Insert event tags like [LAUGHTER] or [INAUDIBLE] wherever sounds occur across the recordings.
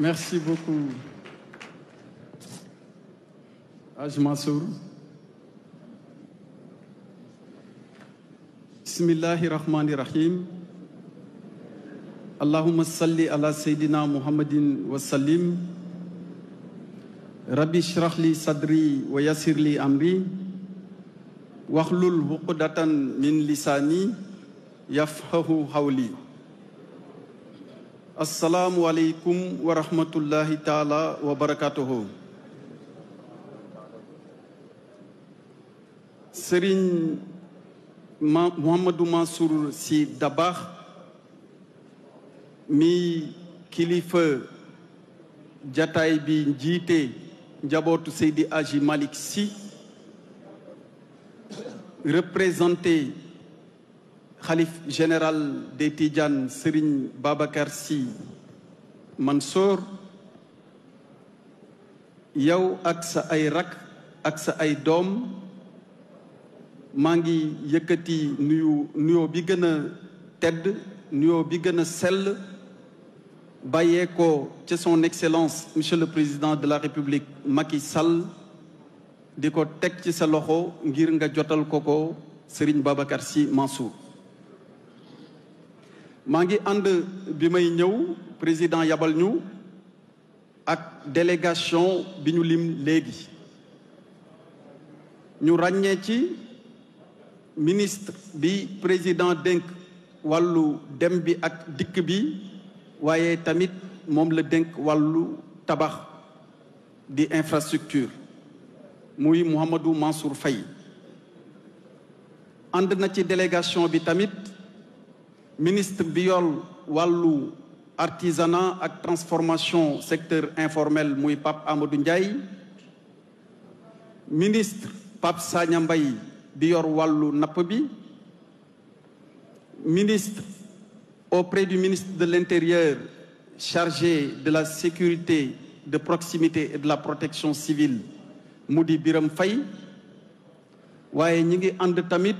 Merci beaucoup. Aj Mansour. rahim. Allahumma salli ala sayyidina Muhammadin wa Rabbi shrah li sadri wa li amri. Wahlul uqdatan min lisani yafqahu qawli. asalaamualeykum wa rahmatullahi taala wa barakatuhu sëriñ ma Mouhamadou Mansour Sy Dabakh mi kilifa jataay bi njiite njabootu Seydi Aji Malick Sy représenté xalif général des Tidjane Serigne Babacar Sy Mansour yow ak sa ay rak ak sa ay doom maa ngi yëkkati nuyu bi gën a tedd nuyoo bi gën a sell bàyyee ko ci son excellence monsieur le président de la république Macky Sall di ko teg ci sa loxo ngir nga jotal ko ko Serigne Babacar Sy Mansour maa ngi ànd bi may ñëw président yabal ñu ak délégation bi ñu lim léegi ñu ràññee ci ministre bi président dénk wàllu dem bi ak dikk bi waaye tamit moom la dénk wàllu tabax di infrastructure muy Mouhamadou Mansour fay ànd na ci délégation bi tamit ministre bi yool wàllu artisanat ak transformation secteur informel muy Pape Amadou Ndiaye ministre Pape Sagna Mbaye bi yor wàllu napp bi ministre auprès du ministre de l'Intérieur chargé de la sécurité de proximité et de la protection civile mu di Birame Faye waaye ñi ngi ànd tamit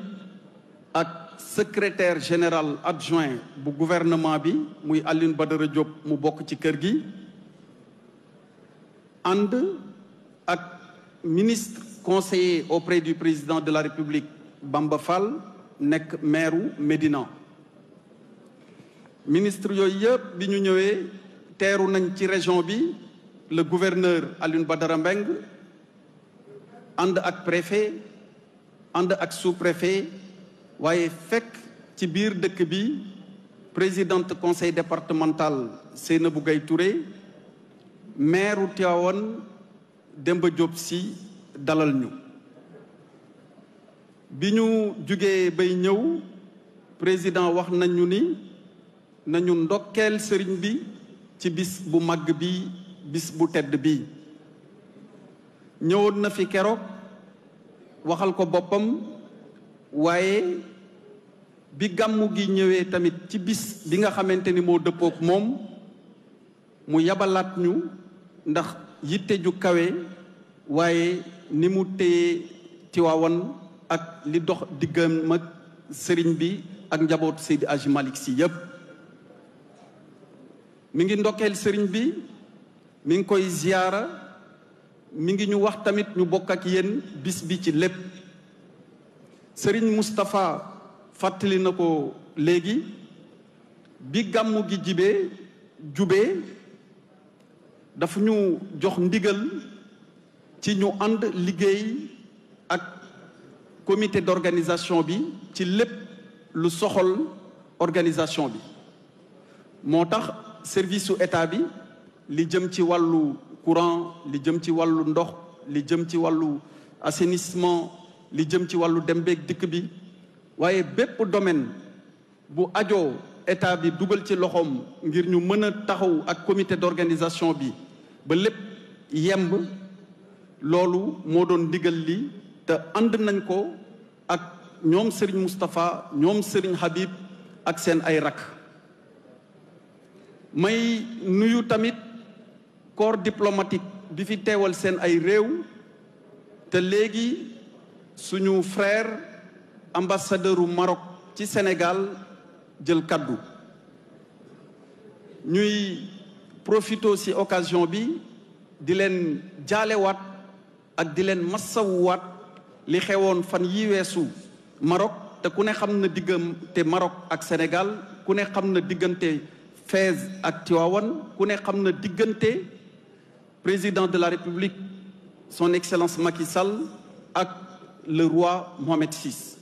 ak secretaire général adjoint bu gouvernement bi muy ba Badara Diop mu bokk ci kër gi ànd ak ministre conseiller auprès du président de la République Bamba fal nekk maire Médina ministre yooyu yëpp bi ñu ñëwee teeru nañ ci région bi le gouverneur ba Badara Mbengue ànd ak préfet ànd ak sous-préfet waaye fekk ci biir dëkk bi présidente conseil départemental Seynabou Gaye Touré maire Tivaouane Demba Diop Sy dalal ñu bi ñu jugee bay ñëw président wax nañu ni nañu ndokkeel sëriñ bi ci bis bu màgg bi bis bu tedd bi ñëwoon na fi keroog waxal ko boppam waaye bi gàmmu gi ñëwee tamit ci bis bi nga xamante ni moo dëppook moom mu yabalaat ñu ndax yitte ju kawe waaye ni mu téye Tiwaawan ak li dox diggam ak sëriñ bi ak njaboot Seydi Aji Malick Sy yépp mi ngi ndokkeel sëriñ bi mi ngi koy ziyaara mi ngi ñu wax tamit ñu bokk ak yenn bis bi ci lépp Serigne Moustapha fàttali na ko léegi bi gàmmu gi jibee jubee dafa ñu jox ndigal ci ñu ànd liggéey ak comité d'organisation bi ci lépp lu soxal organisation bi moo tax service su état bi li jëm ci wàllu courant li jëm ci wàllu ndox li jëm ci wàllu assainissement li jëm ci wàllu dem beeg dikk bi waaye bépp domaine bu ajoo état bi dugal ci loxoom ngir ñu mën a taxaw ak comité d'organisation bi ba lépp yemb loolu moo doon ndigal li te ànd nañ ko ak ñoom sëriñ Moustapha ñoom Serigne Habib ak seen ay rak may nuyu tamit corps diplomatique bi fi teewal seen ay réew te léegi suñu frère ambassadeuru Maroc ci Sénégal jël kàddu ñuy profito ci occasion bi di leen jaalewaat ak di leen massawuwaat li xewoon fan yi weesu Maroc te ku ne xam na diggante Maroc ak Sénégal ku ne xam na diggante Fès ak Tivaouane ku ne xam na diggante président de la République son excellence Macky Sall ak le roi Mohamed VI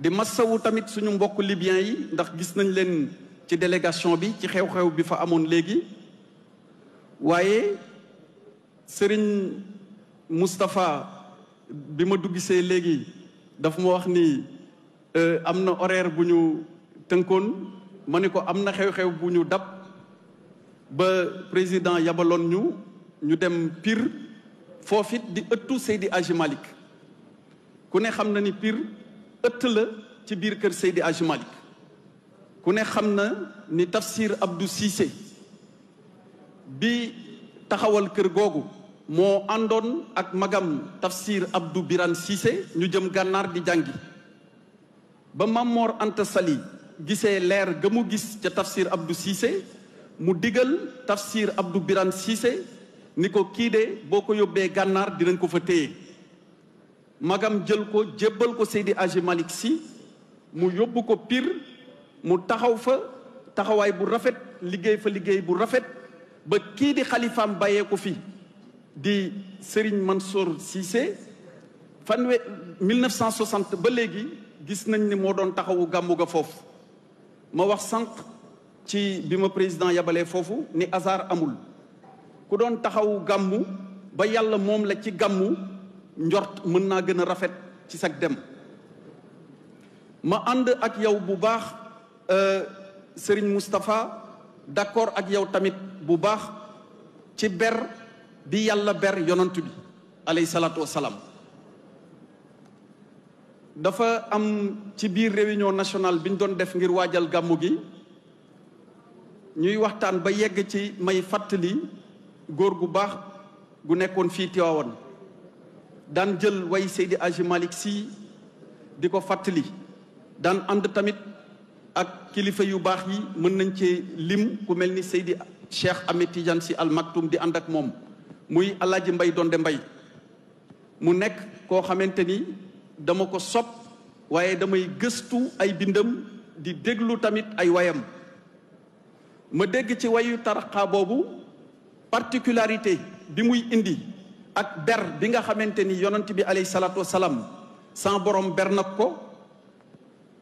di massawu tamit suñu mbokk libyen yi ndax gis nañ leen ci délégation bi ci xew-xew bi fa amoon léegi waaye sëriñ Moustapha bi ma duggusee léegi dafa ma wax ni euh, am na horaire bu ñu tënkoon ma ni ko am na xew-xew bu ñu dab ba président yabaloon ñu ñu dem piir foofit di ëttu Seydi Hadji ku ne xam na ni Pire ëtt la ci biir kër Seydi Hadji ku ne xam na ni Tafsir abdu Cissé bi taxawal kër googu moo àndoon ak magam Tafsir Abdou Birane Cissé ñu jëm gànnaar di jàngi ba Mamor Anta Sali gisee leer ga mu gis ca Tafsir Abdou Cissé mu digal Tafsir Abdou Birane Cissé ni ko kii de boo ko yóbbee gànnaar dinañ ko fa téye magam jël ko jébbal ko seedi Hadji Malick Sy mu yóbbu ko piir mu taxaw fa taxawaay bu rafet liggéey fa liggéey bu rafet ba kii di xalifaam bàyyee ko fi di man Mansour Cissé fanwe 1960 ba léegi gis nañ ni moo doon taxawu gàmmu ga foofu ma wax sànq ci bi ma président yabalee foofu ni hasard amul ku doon taxawu gàmmu ba yàlla moom la ci gàmmu njort mën naa gën a rafet ci sag dem ma ànd ak yow bu baax euh, Serigne Moustapha d'accord ak yow tamit bu baax ci ber bi yàlla ber yonant bi alayhi salaatu wasalaam dafa am ci biir réunion nationale bi ñu doon def ngir waajal gàmmu gi ñuy waxtaan ba yegg ci may fàttali góor gu baax gu nekkoon fii Tiwaawan daan jël way Seydi Aji malik si di ko fàttali daan ànd tamit ak kilifa yu baax yi mën nañ cee lim ku mel ni Seydi Cheikh Ahmed Tidiane Sy Al di ànd ak moom muy Alaaji Mbay Donde Mbay mu nekk koo xamante ni dama ko sopp waaye damay gëstu ay bindam di déglu tamit ay wayam ma dégg ci wayu taraxaa boobu particularité bi muy indi ak ber bi nga xamante ni yonent bi alayhi salaatu wasalaam sans borom ber nag ko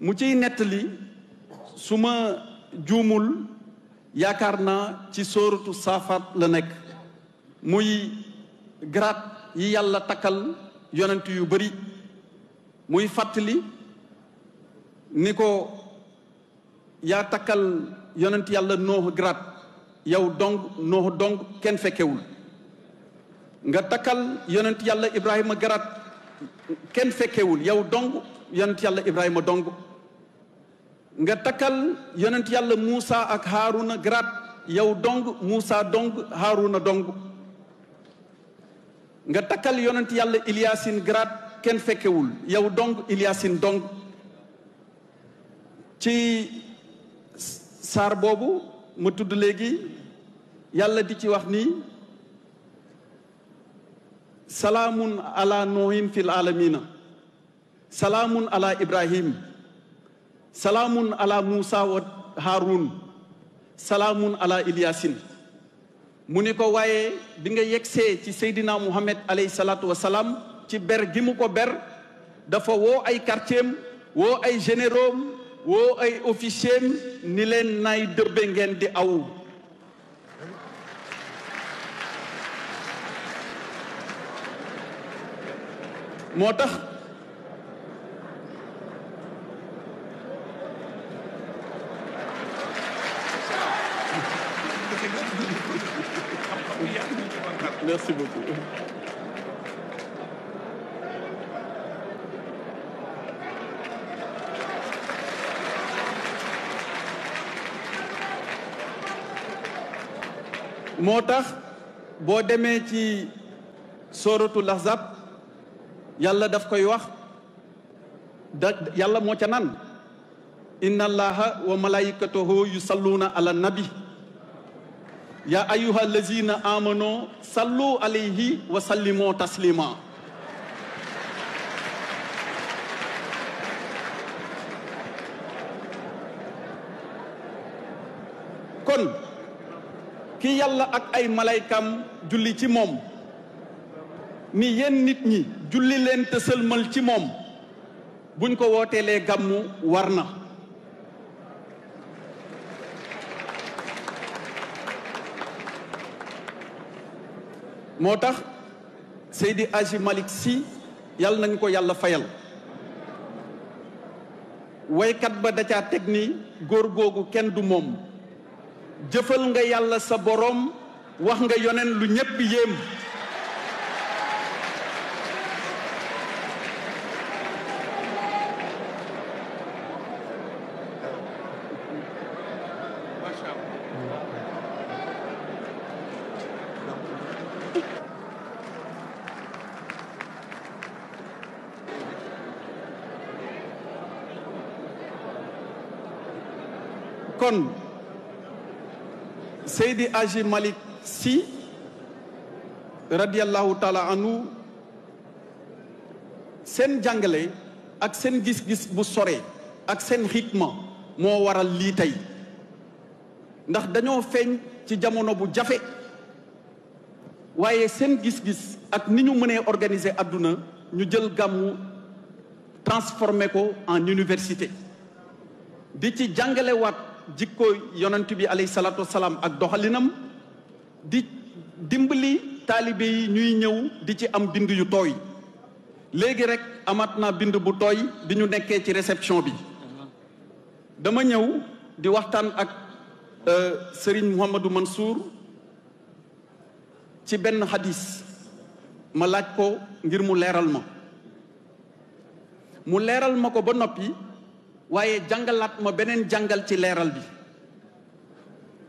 mu ciy nettali su ma juumul yaakaar naa ci sóoratu saafaat la nekk muy grade yi yàlla takkal yonent yu bari muy fàttali ni ko yaa takkal yonent yàlla noox grade yow dong noo dong kenn fekkewul nga takkal yonent yàlla ibrahima grad kenn fekkewul yow dong yonent yàlla ibrahima dong nga takkal yonent yàlla muusa ak haaruna garat yow dong muusa dong haaruna dong nga takkal yonent yàlla iliyaasin grad kenn fekkewul yow dong iliyaasin dong ci saar boobu ma tudd léegi yàlla di ci wax nii salaamun ala noohin fil alamina salaamun ala ibrahim salaamun ala muusa wa haarun salaamun ala ilyasin mu ni ko waaye bi nga yegsee ci seydina muhammad alayhi salaatu wasalaam ci ber gi mu ko ber dafa woo ay quartieram woo ay généraux woo ay officiers ni leen nay dëbbe ngeen di aw moo tax merci tax boo demee ci sóoratu laxzab yàlla daf koy wax da yàlla moo ca nan inna allaha wa malaikatahu yusalluuna ala nabi yaa ayuha allazina amano sallu alayhi wa sallimu taslima kon ki yàlla ak ay malaykam julli ci moom ni yéen nit ñi julli leen ci moom buñ ko wooteelee gàmmu war na moo tax Seydi Aji Malick Sy yàlla nañu ko yàlla fayal woykat ba da caa teg ni góor googu kenn du moom jëfal nga yàlla sa boroom wax nga yoneen lu ñépp yéem kon Seydi Aji Malik Si radiyallahu taala anhu seen jàngale ak seen gis-gis bu sore ak seen rythme moo waral lii tey ndax dañoo feeñ ci jamono bu jafe waaye seen gis-gis ak ni ñu mënee organiser àdduna ñu jël gàmmu transformé ko en université di ci jàngalewaat jikko yonent bi alayhi salaatu wasalaam ak doxalinam di dimbali taalibe yi ñuy ñëw di ci am bind yu tooy léegi rek amat naa bind bu tooy di ñu nekkee ci réception bi dama ñëw di waxtaan ak euh, Serigne Mouhamadou Mansour ci benn xadis ma laaj ko ngir mu leeral ma mu leeral ma ko ba noppi waaye jàngalaat ma beneen jàngal ci leeral bi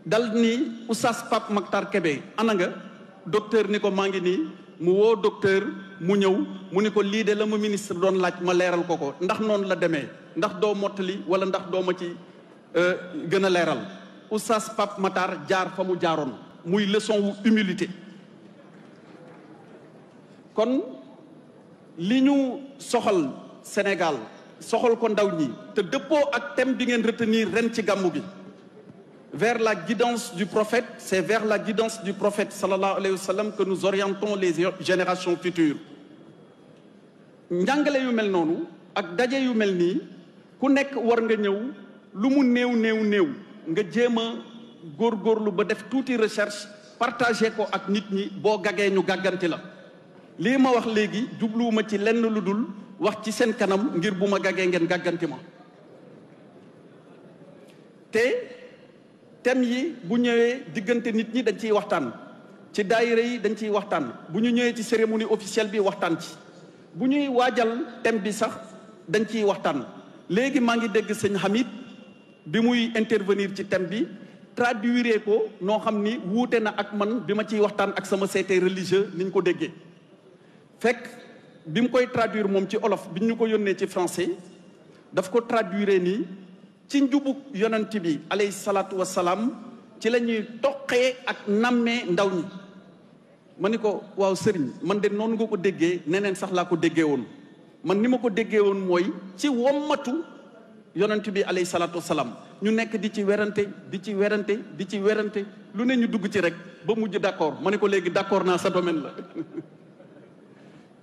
dal ni oustaz Pape matar kebe ana nga docteur ni ko maa ngi nii mu woo docteur mu ñëw mu ni ko lii de la ma ministre doon laaj ma leeral ko ko ndax noonu la demee ndax doo mottali wala ndax doo ma ci euh, gën a leeral usas Pape Makhtar jaar fa mu jaaroon muy leçon wu humilité kon li ñu soxal Sénégal soxal ko ndaw ñi te dëppoo ak thème bi ngeen retenir ren ci gàmmu gi vers la guidance du prophète c'est vers la guidance du prophète sallallahu alayhi wa sallam que nous orientons les générations njàngale yu mel noonu ak daje yu mel nii ku nekk war nga ñëw lu mu néew néew néew nga jéem a góorlu ba def tuuti recherche partagé ko ak nit ñi boo gagee ñu gàgganti la lii ma wax léegi jubluwuma ci lenn lu dul wax ci seen kanam ngir bu ma gàggee ngeen gàgganti ma te thème yi bu ñëwee diggante nit ñi dañ ciy waxtaan ci daayira yi dañ ciy waxtaan bu ñu ñëwee ci cérémonie officielle bi waxtaan ci bu ñuy waajal thème bi sax dañ ciy waxtaan léegi maa ngi dégg sëñ Hamid bi muy intervenir ci thème bi traduire ko noo xam ni wuute na ak man bi ma ciy waxtaan ak sama seete religieux niñ ko déggee fekk bi mu koy traduire moom ci olof bi ñu ko yónnee ci français daf ko traduire nii ci njubug yonent bi alayhi salaatu wasalaam ci la ñuy toqee ak nammee ndaw ñi ma ni ko waaw sëriñ man de noonu nga ko déggee neneen sax laa ko déggee woon man ni ma ko déggee woon mooy ci wommatu yonent bi alayhi salaatu wasalaam ñu nekk di ci werante di ci werante di ci werante lu ne ñu dugg ci rek ba mujj d'accord ma ni ko léegi d'accord naa sa domaine la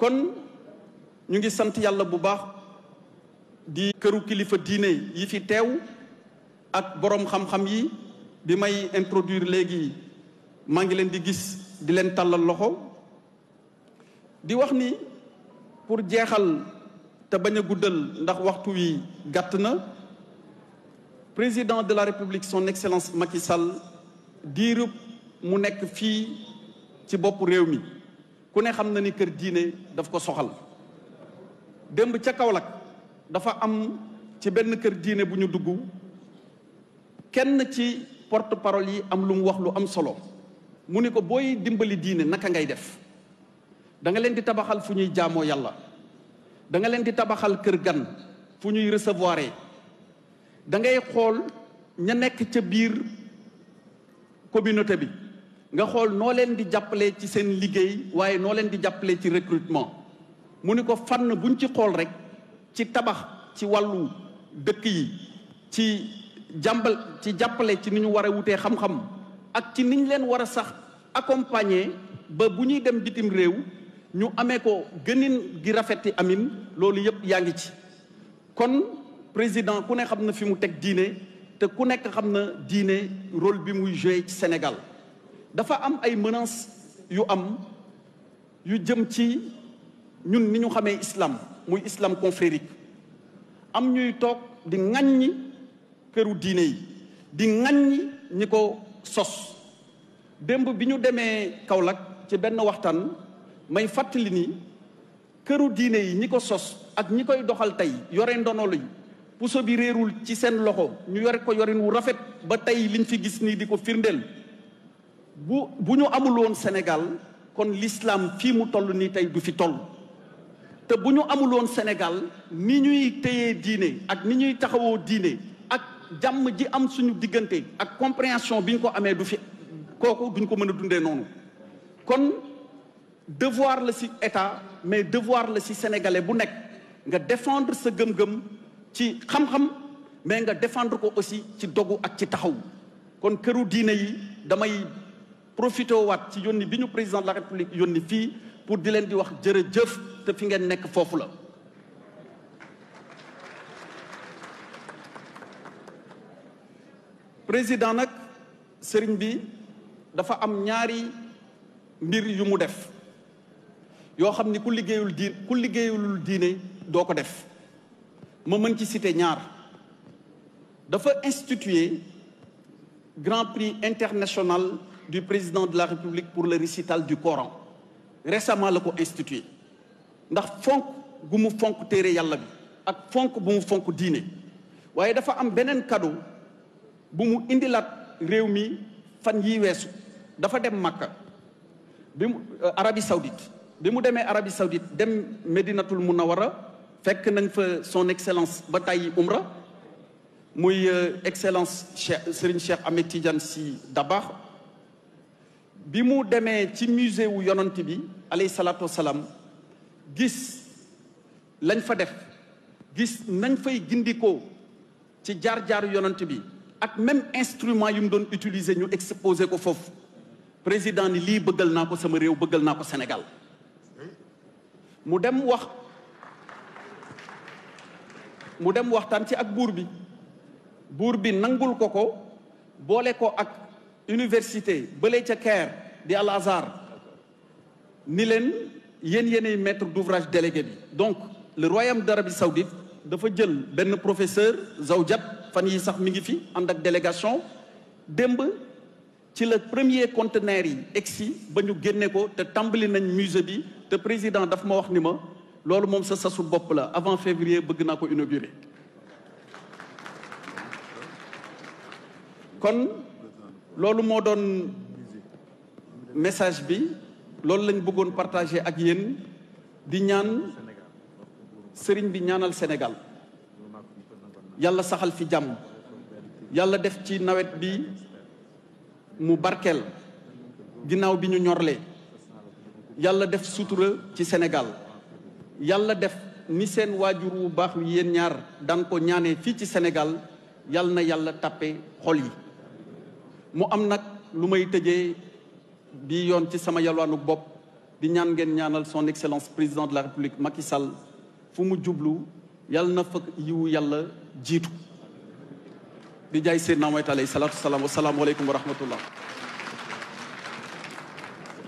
[LAUGHS] ñu ngi sant yàlla bu baax di këru kilifa diine yi fi teew ak boroom xam-xam yi bi may introduire léegi maa ngi leen di gis di leen tàllal loxo di wax ni pour jeexal te bañ a guddal ndax waxtu wi gàtt na président de la république son excellence Macky Sall diirub mu nekk fii ci bopp réew mi ku ne xam na ni kër diine daf ko soxal démb ca Kaolack dafa am ci benn kër diine bu ñu dugg kenn ci porte parole yi am lu mu wax lu am solo mu ni ko booy dimbali diine naka ngay def da leen di tabaxal fu ñuy jaamoo yàlla da nga leen di tabaxal kër gan fu ñuy recevoir da ngay xool ña nekk ca biir communauté bi nga xool noo leen di jàppale ci seen liggéey waaye noo leen di jàppale ci recrutement mu ni ko fànn buñ ci xool rek ci tabax ci wàllu dëkk yi ci jàmbal ci jàppale ci ni ñu war wutee xam-xam ak ci niñ leen war a sax accompagner ba bu ñuy dem bitim réew ñu amee ko gënin gi rafeti amin loolu yëpp yaa ngi ci kon président ku ne xam na fi mu teg diine te ku nekk xam na diine rôle bi muy joué ci Sénégal dafa am ay menaces yu am yu jëm ci ñun ni ñu xamee islam muy islam confrérique am ñuy toog di ŋaññi këru diine yi di ŋaññi ñi ko sos démb bi ñu demee Kaolack ci benn waxtaan may fàttali ni këru diine yi ñi ko sos ak ñi koy doxal tey yore ndono lañu puso bi réerul ci seen loxo ñu yore ko yorin wu rafet ba tey liñ fi gis nii di ko firndéel bu bu ñu amul woon Sénégal kon l'islam fii mu toll nii tey du fi toll te bu ñu amuloon Sénégal ni ñuy téyee diine ak ni ñuy taxawoo diine ak jàmm ji am suñu diggante ak compréhension bi ñu ko amee du fi kooku duñ ko mën a dundee noonu kon devoir la si état mais devoir la si sénégalais bu nekk nga défendre sa gëm-gëm ci xam-xam mais nga defendre ko aussi ci dogu ak ci taxaw kon këru diine yi damay profité waat ci yónni bi ñu président de la république yónni fii pour di leen di wax jërëjëf te fi ngeen nekk foofu la président nag sëriñ bi dafa am ñaari mbir yu mu def yoo xam ni ku liggéeyul diin ku liggéeyulul diine doo ko def ma mën ci citer ñaar dafa instituer grand prix international du président de la république pour le récital du coran récemment la ko institué ndax fonk gu mu fonk téere yàlla bi ak fonk bu mu fonk diine waaye dafa am beneen cadeau bu mu indilaat réew mi fan yi weesu dafa dem Makka bi mu euh, Arabie Saoudite bi mu demee arabi Saoudite dem Medinatul a fekk nañ fa son excellence ba tàyyi umra muy euh, excellence Cheikh Serigne Cheikh amee Tidiane Sy Dabakh bi mu demee ci musée wu yonent bi aley salaatu wasalaam gis lañ fa def gis nañ fay gindikoo ci jaar-jaaru yonant bi ak même instrument yu mu doon utiliser ñu exposé ko foofu président ni lii bëggal naa ko sama réew bëggal naa ko senegal mu dem wax mu dem waxtaan ci ak buur bi buur bi nangul ko ko boole ko ak université bële ca ker di Al Azhar ni leen yéen yéenay maître d'ouvrage délégué bi donc le royaume d'Arabie saoudite dafa jël benn professeur Zawjat fan yi sax mi ngi fi ànd ak délégation démb ci la premier conteneur yi egsi ba ñu génne ko te tàmbali nañ musée bi te président daf ma wax ni ma loolu moom sa sasu bopp la avant février bëgg naa ko inaugurer loolu moo doon message bi loolu lañ bëggoon partage ak yéen di ñaan sëriñ bi ñaanal senegal yàlla saxal fi jàmm yàlla def ci nawet bi mu barkeel ginnaaw bi ñu ñorlee yàlla def sutura ci senegal yàlla def ni seen waajur wu baax wi yéen ñaar daan ko ñaanee fii ci senegal yàlla na yàlla tàppe xol yi mu am nag lu may tëjee bii yoon ci sama yalwaanuk bopp di ñaan ngeen ñaanal son excellence président de la république Macky Sall fu mu jublu yàlla na fa yiwu yàlla jiitu di jaay seen Mohamed alayhi salaatu salaam wa salaamu aleykum wa rahmatullah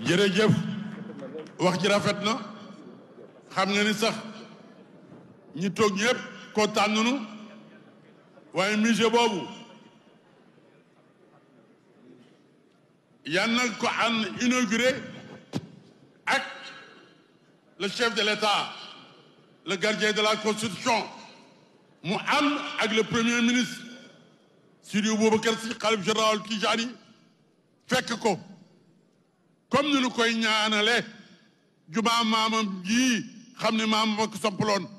jërëjëf wax ji rafet na xam nga ni sax ñi toog ñëpp kontaan nañu waaye musée boobu yal na ko an inauguré ak le chef de l'État le gardien de la constitution mu am ak le premier ministre Seydi Boubacar Sy xalif général Tijaani fekk ko comme nu nu koy ñaanale jumaa maamam gi xam ne maamam ak soppaloon